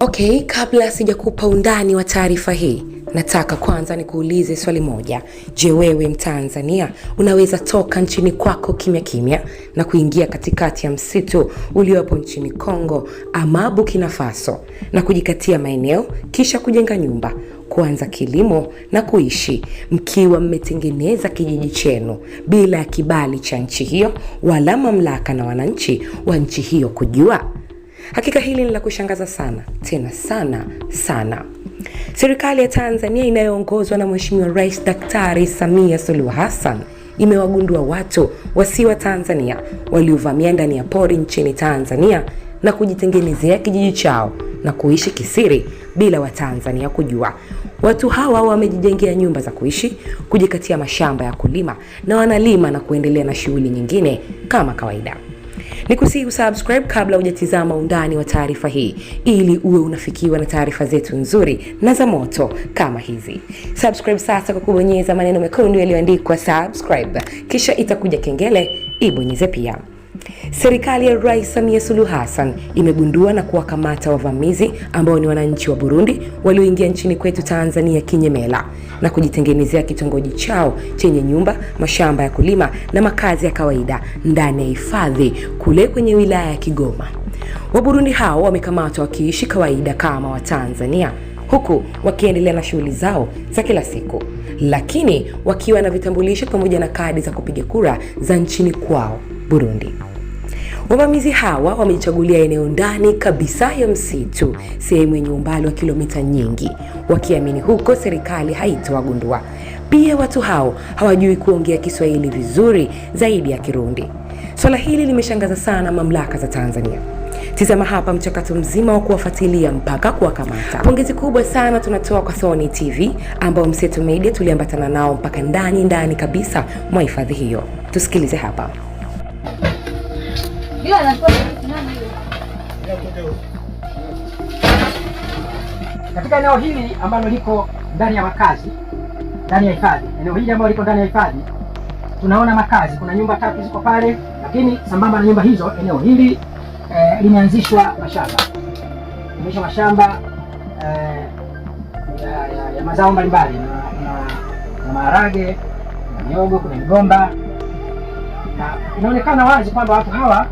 Okay, kabla sijakupa undani wa taarifa hii nataka kwanza nikuulize swali moja. Je, wewe Mtanzania unaweza toka nchini kwako kimya kimya na kuingia katikati ya msitu uliopo nchini Kongo ama Burkina Faso na kujikatia maeneo kisha kujenga nyumba kuanza kilimo na kuishi mkiwa mmetengeneza kijiji chenu bila ya kibali cha nchi hiyo wala mamlaka na wananchi wa nchi hiyo kujua. Hakika hili ni la kushangaza sana tena sana sana. Serikali ya Tanzania inayoongozwa na Mheshimiwa Rais Daktari Samia Suluhu Hassan imewagundua watu wasi wa Tanzania waliovamia ndani ya pori nchini Tanzania na kujitengenezea kijiji chao na kuishi kisiri bila Watanzania kujua, Watu hawa wamejijengea nyumba za kuishi, kujikatia mashamba ya kulima na wanalima na kuendelea na shughuli nyingine kama kawaida. Ni kusihi usubscribe kabla hujatizama undani wa taarifa hii ili uwe unafikiwa na taarifa zetu nzuri na za moto kama hizi. Subscribe sasa kwa kubonyeza maneno mekundu yaliyoandikwa subscribe, kisha itakuja kengele, ibonyeze pia. Serikali ya Rais Samia Suluhu Hassan imegundua na kuwakamata wavamizi ambao ni wananchi wa Burundi walioingia nchini kwetu Tanzania kinyemela na kujitengenezea kitongoji chao chenye nyumba, mashamba ya kulima na makazi ya kawaida ndani ya hifadhi kule kwenye wilaya ya Kigoma. Waburundi hao wamekamatwa wakiishi kawaida kama Watanzania huku wakiendelea na shughuli zao za kila siku, lakini wakiwa na vitambulisho pamoja na kadi za kupiga kura za nchini kwao Burundi. Wavamizi hawa wamejichagulia eneo ndani kabisa ya msitu, sehemu yenye umbali wa kilomita nyingi, wakiamini huko serikali haitowagundua Pia watu hao hawajui kuongea Kiswahili vizuri zaidi ya Kirundi. Swala hili limeshangaza sana mamlaka za Tanzania. Tizama hapa mchakato mzima wa kuwafuatilia mpaka kuwakamata. Pongezi kubwa sana tunatoa kwa Sony TV ambao Mseto Media tuliambatana nao mpaka ndani ndani kabisa mwa hifadhi hiyo. Tusikilize hapa. Katika eneo hili ambalo liko ndani ya makazi, ndani ya hifadhi, eneo hili ambalo liko ndani ya hifadhi, tunaona makazi, kuna nyumba tatu ziko pale, lakini sambamba na nyumba hizo, eneo hili eh, limeanzishwa mashamba, limeanzishwa mashamba eh, ya, ya, ya mazao mbalimbali na maharage na miogo kuna migomba na inaonekana wazi kwamba watu hawa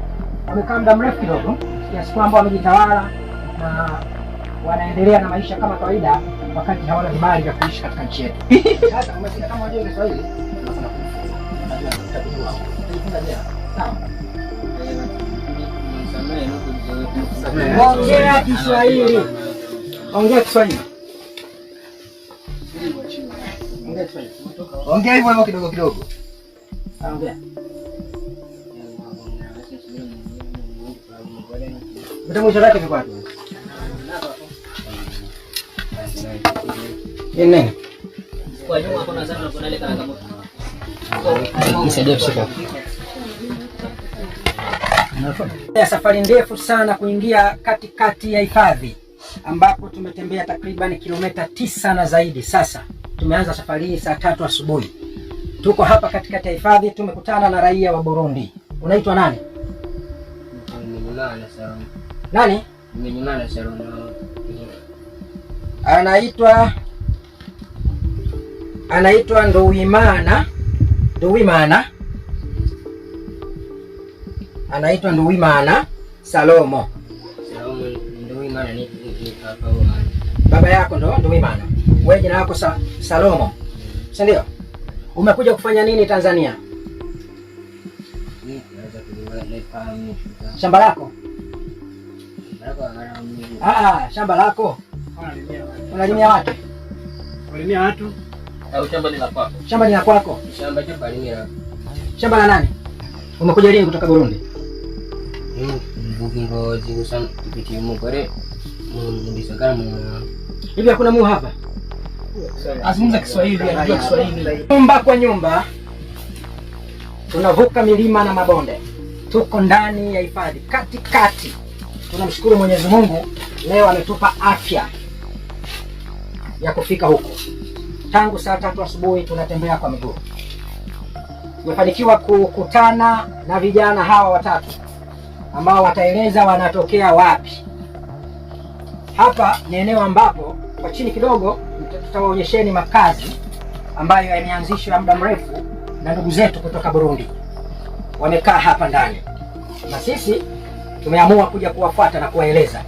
wamekaa muda mrefu kidogo kiasi kwamba wamejitawala na wanaendelea na maisha kama kawaida, wakati hawana vibali vya kuishi katika nchi yetu. Sasa Kiswahili ongea Kiswahili, ongea Kiswahili, ongea hivyo kidogo kidogo, ongea Ya safari ndefu sana kuingia katikati ya hifadhi ambapo tumetembea takriban kilomita tisa na zaidi. Sasa tumeanza safari hii saa tatu asubuhi, tuko hapa katikati ya hifadhi. Tumekutana na raia wa Burundi. Unaitwa nani? Nani? anaitwa anaitwa Nduwimana, Nduwimana anaitwa Nduwimana Salomo. baba yako, ndo Nduwimana. Wewe jina lako Salomo, mm. si ndio? Umekuja kufanya nini Tanzania? shamba lako ah, ah, shamba lako unalimia watu, unalimia watu au shamba ni la kwako? Shamba ni la kwako. Shamba shamba la nani? Umekuja lini kutoka Burundi? Hivi hakuna mu hapa azungumza Kiswahili, anajua Kiswahili. Nyumba kwa nyumba tunavuka milima na mabonde Tuko ndani ya hifadhi katikati. Tunamshukuru Mwenyezi Mungu, leo ametupa afya ya kufika huko. Tangu saa tatu asubuhi tunatembea kwa miguu, tumefanikiwa kukutana na vijana hawa watatu ambao wataeleza wanatokea wapi. Hapa ni eneo ambapo kwa chini kidogo tutawaonyesheni makazi ambayo yameanzishwa muda mrefu na ndugu zetu kutoka Burundi wamekaa hapa ndani, na sisi tumeamua kuja kuwafuata na kuwaeleza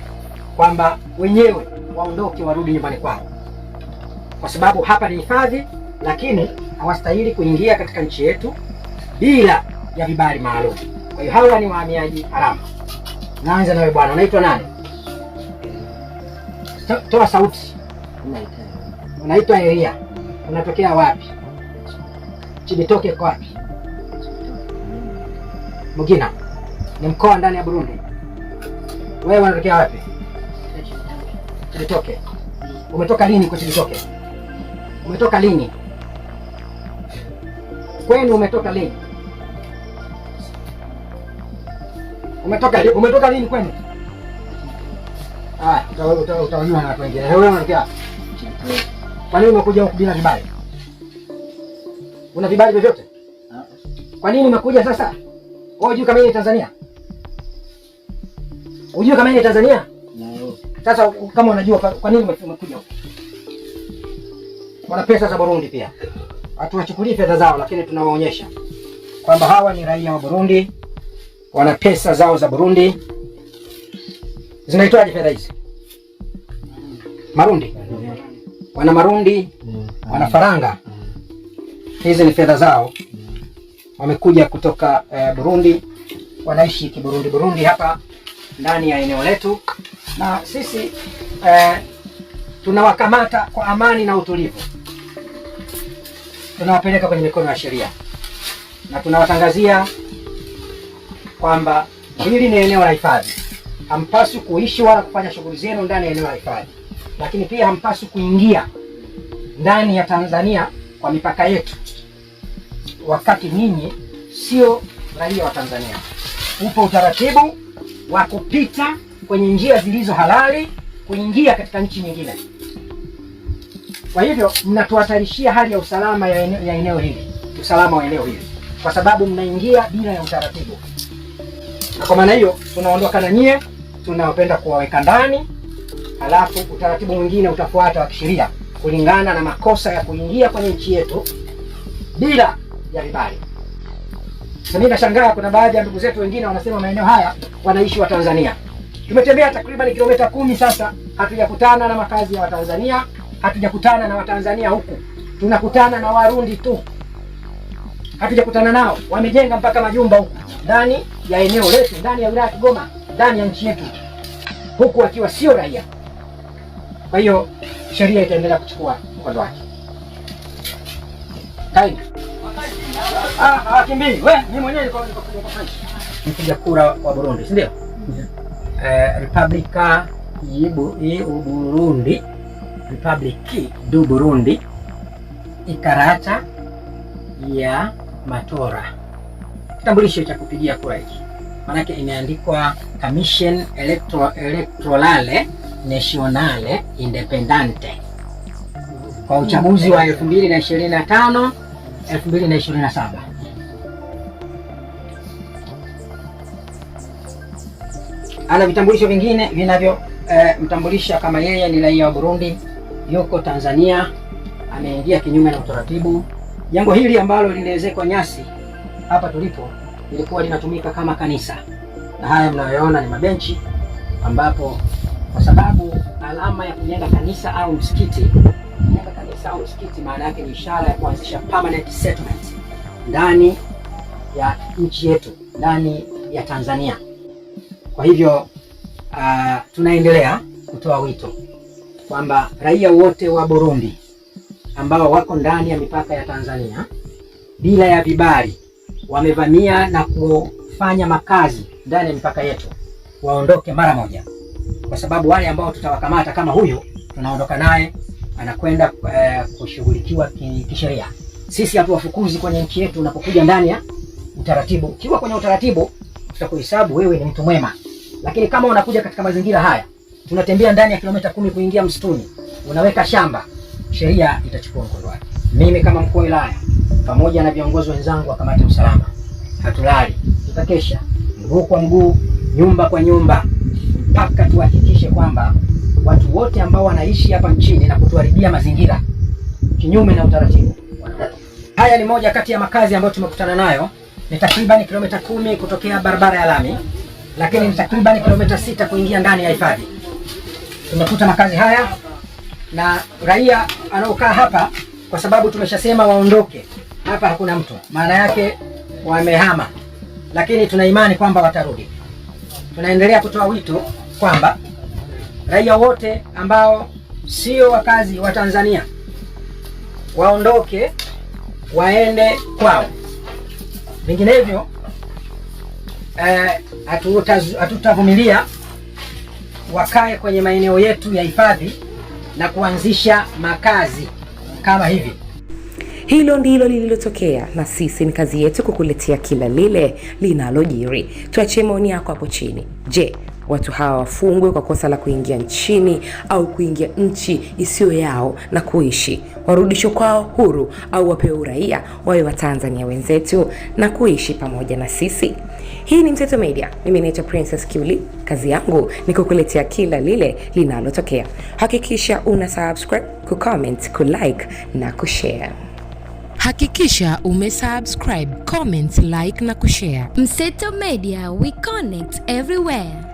kwamba wenyewe waondoke, warudi nyumbani kwao, kwa sababu hapa ni hifadhi, lakini hawastahili kuingia katika nchi yetu bila ya vibali maalum. Kwa hiyo hawa ni wahamiaji haramu. Naanza nawe bwana, unaitwa nani? Toa sauti. Unaitwa Elia, unatokea wapi? Chibitoke kwa wapi? Mugina ni mkoa ndani ya Burundi. Wewe unatokea wapi? Chibitoke. Umetoka lini kwa Chibitoke? Umetoka lini kwenu? Umetoka lini? Umetoka lini? Umetoka lini kwenu? Ah, na watu wengine. Wewe unatokea Kwa nini umekuja huku bila vibali? Una vibali vyovyote? Kwa nini umekuja sasa? Wewe unajua kama ni Tanzania? Unajua kama ni Tanzania? Sasa kama unajua kwa nini umekuja huko? Wana pesa za Burundi pia. Hatuwachukulii fedha zao, lakini tunawaonyesha kwamba hawa ni raia wa Burundi, wana pesa zao za Burundi. Zinaitwaje fedha hizi? Marundi. Wana marundi, mm. wana faranga. Mm. Hizi ni fedha zao wamekuja kutoka eh, Burundi, wanaishi kiburundi Burundi hapa ndani ya eneo letu, na sisi eh, tunawakamata kwa amani na utulivu, tunawapeleka kwenye mikono ya sheria na tunawatangazia kwamba hili ni eneo la hifadhi, hampaswi kuishi wala kufanya shughuli zenu ndani ya eneo la hifadhi, lakini pia hampaswi kuingia ndani ya Tanzania kwa mipaka yetu wakati ninyi sio raia wa Tanzania. Upo utaratibu wa kupita kwenye njia zilizo halali kuingia katika nchi nyingine. Kwa hivyo mnatuhatarishia hali ya usalama ya eneo, ya eneo hili, usalama wa eneo hili, kwa sababu mnaingia bila ya utaratibu, na kwa maana hiyo tunaondoka na nyie, tunapenda kuwaweka ndani, halafu utaratibu mwingine utafuata wa kisheria kulingana na makosa ya kuingia kwenye nchi yetu bila ya vibali. mimi nashangaa kuna baadhi ya ndugu zetu wengine wanasema maeneo haya wanaishi Watanzania. Tumetembea takriban kilomita kumi sasa, hatujakutana na makazi ya Watanzania, hatujakutana na Watanzania huku, tunakutana na Warundi tu, hatujakutana nao. Wamejenga mpaka majumba huku ndani ya eneo letu, ndani ya wilaya Kigoma, ndani ya nchi yetu, huku wakiwa sio raia. Kwa hiyo sheria itaendelea kuchukua mkondo wake hawakimbii. Wewe mimi mwenyewe niko niko Mpiga kura wa Burundi, si ndio? Eh, yibu Burundi. du Burundi ikaracha ya matora kitambulisho cha kupigia kura hiki, maanake imeandikwa Commission Electro, Electorale Nationale Independente kwa uchaguzi wa 2025 2027. ana vitambulisho vingine vinavyo eh, mtambulisha kama yeye ni raia wa Burundi, yuko Tanzania, ameingia kinyume na utaratibu. Jengo hili ambalo linaezekwa nyasi hapa tulipo lilikuwa linatumika kama kanisa, na haya mnayoona ni mabenchi, ambapo kwa sababu alama ya kujenga kanisa au msikiti, kujenga kanisa au msikiti, maana yake ni ishara ya kuanzisha permanent settlement ndani ya nchi yetu, ndani ya Tanzania. Kwa hivyo uh, tunaendelea kutoa wito kwamba raia wote wa Burundi ambao wako ndani ya mipaka ya Tanzania bila ya vibali wamevamia na kufanya makazi ndani ya mipaka yetu waondoke mara moja, kwa sababu wale ambao tutawakamata kama huyu tunaondoka naye anakwenda eh, kushughulikiwa kisheria. Sisi hatuwafukuzi kwenye nchi yetu. Unapokuja ndani ya utaratibu, ukiwa kwenye utaratibu, tutakuhesabu wewe ni mtu mwema. Lakini kama unakuja katika mazingira haya, unatembea ndani ya kilomita kumi kuingia msituni, unaweka shamba, sheria itachukua mkondo wake. Mimi kama mkuu wa wilaya pamoja na viongozi wenzangu wa kamati ya usalama hatulali, tutakesha mguu kwa mguu, nyumba kwa nyumba, mpaka tuhakikishe kwamba watu wote ambao wanaishi hapa nchini na kutuharibia mazingira kinyume na utaratibu. Haya ni moja kati ya makazi ambayo tumekutana nayo, ni takriban kilomita kumi kutokea barabara ya lami lakini ni takriban kilomita sita kuingia ndani ya hifadhi. Tumekuta makazi haya na raia anaokaa hapa, kwa sababu tumeshasema waondoke hapa, hakuna mtu, maana yake wamehama, lakini tuna imani kwamba watarudi. Tunaendelea kutoa wito kwamba raia wote ambao sio wakazi wa Tanzania waondoke waende kwao, vinginevyo Eh, hatutavumilia uh, wakae kwenye maeneo yetu ya hifadhi na kuanzisha makazi kama hivi. Hilo ndilo lililotokea, na sisi ni kazi yetu kukuletea kila lile linalojiri. Tuachie maoni yako hapo chini. Je, watu hawa wafungwe kwa kosa la kuingia nchini au kuingia nchi isiyo yao na kuishi, warudishwe kwao huru au wapewe uraia, wawe Watanzania wenzetu na kuishi pamoja na sisi. Hii ni Mseto Media. Mimi naitwa Princess Kiuli. Kazi yangu ni kukuletea kila lile linalotokea. Hakikisha una subscribe, kucomment, kulike na kushare. Hakikisha ume subscribe, comment, like na kushare. Mseto Media, we connect everywhere.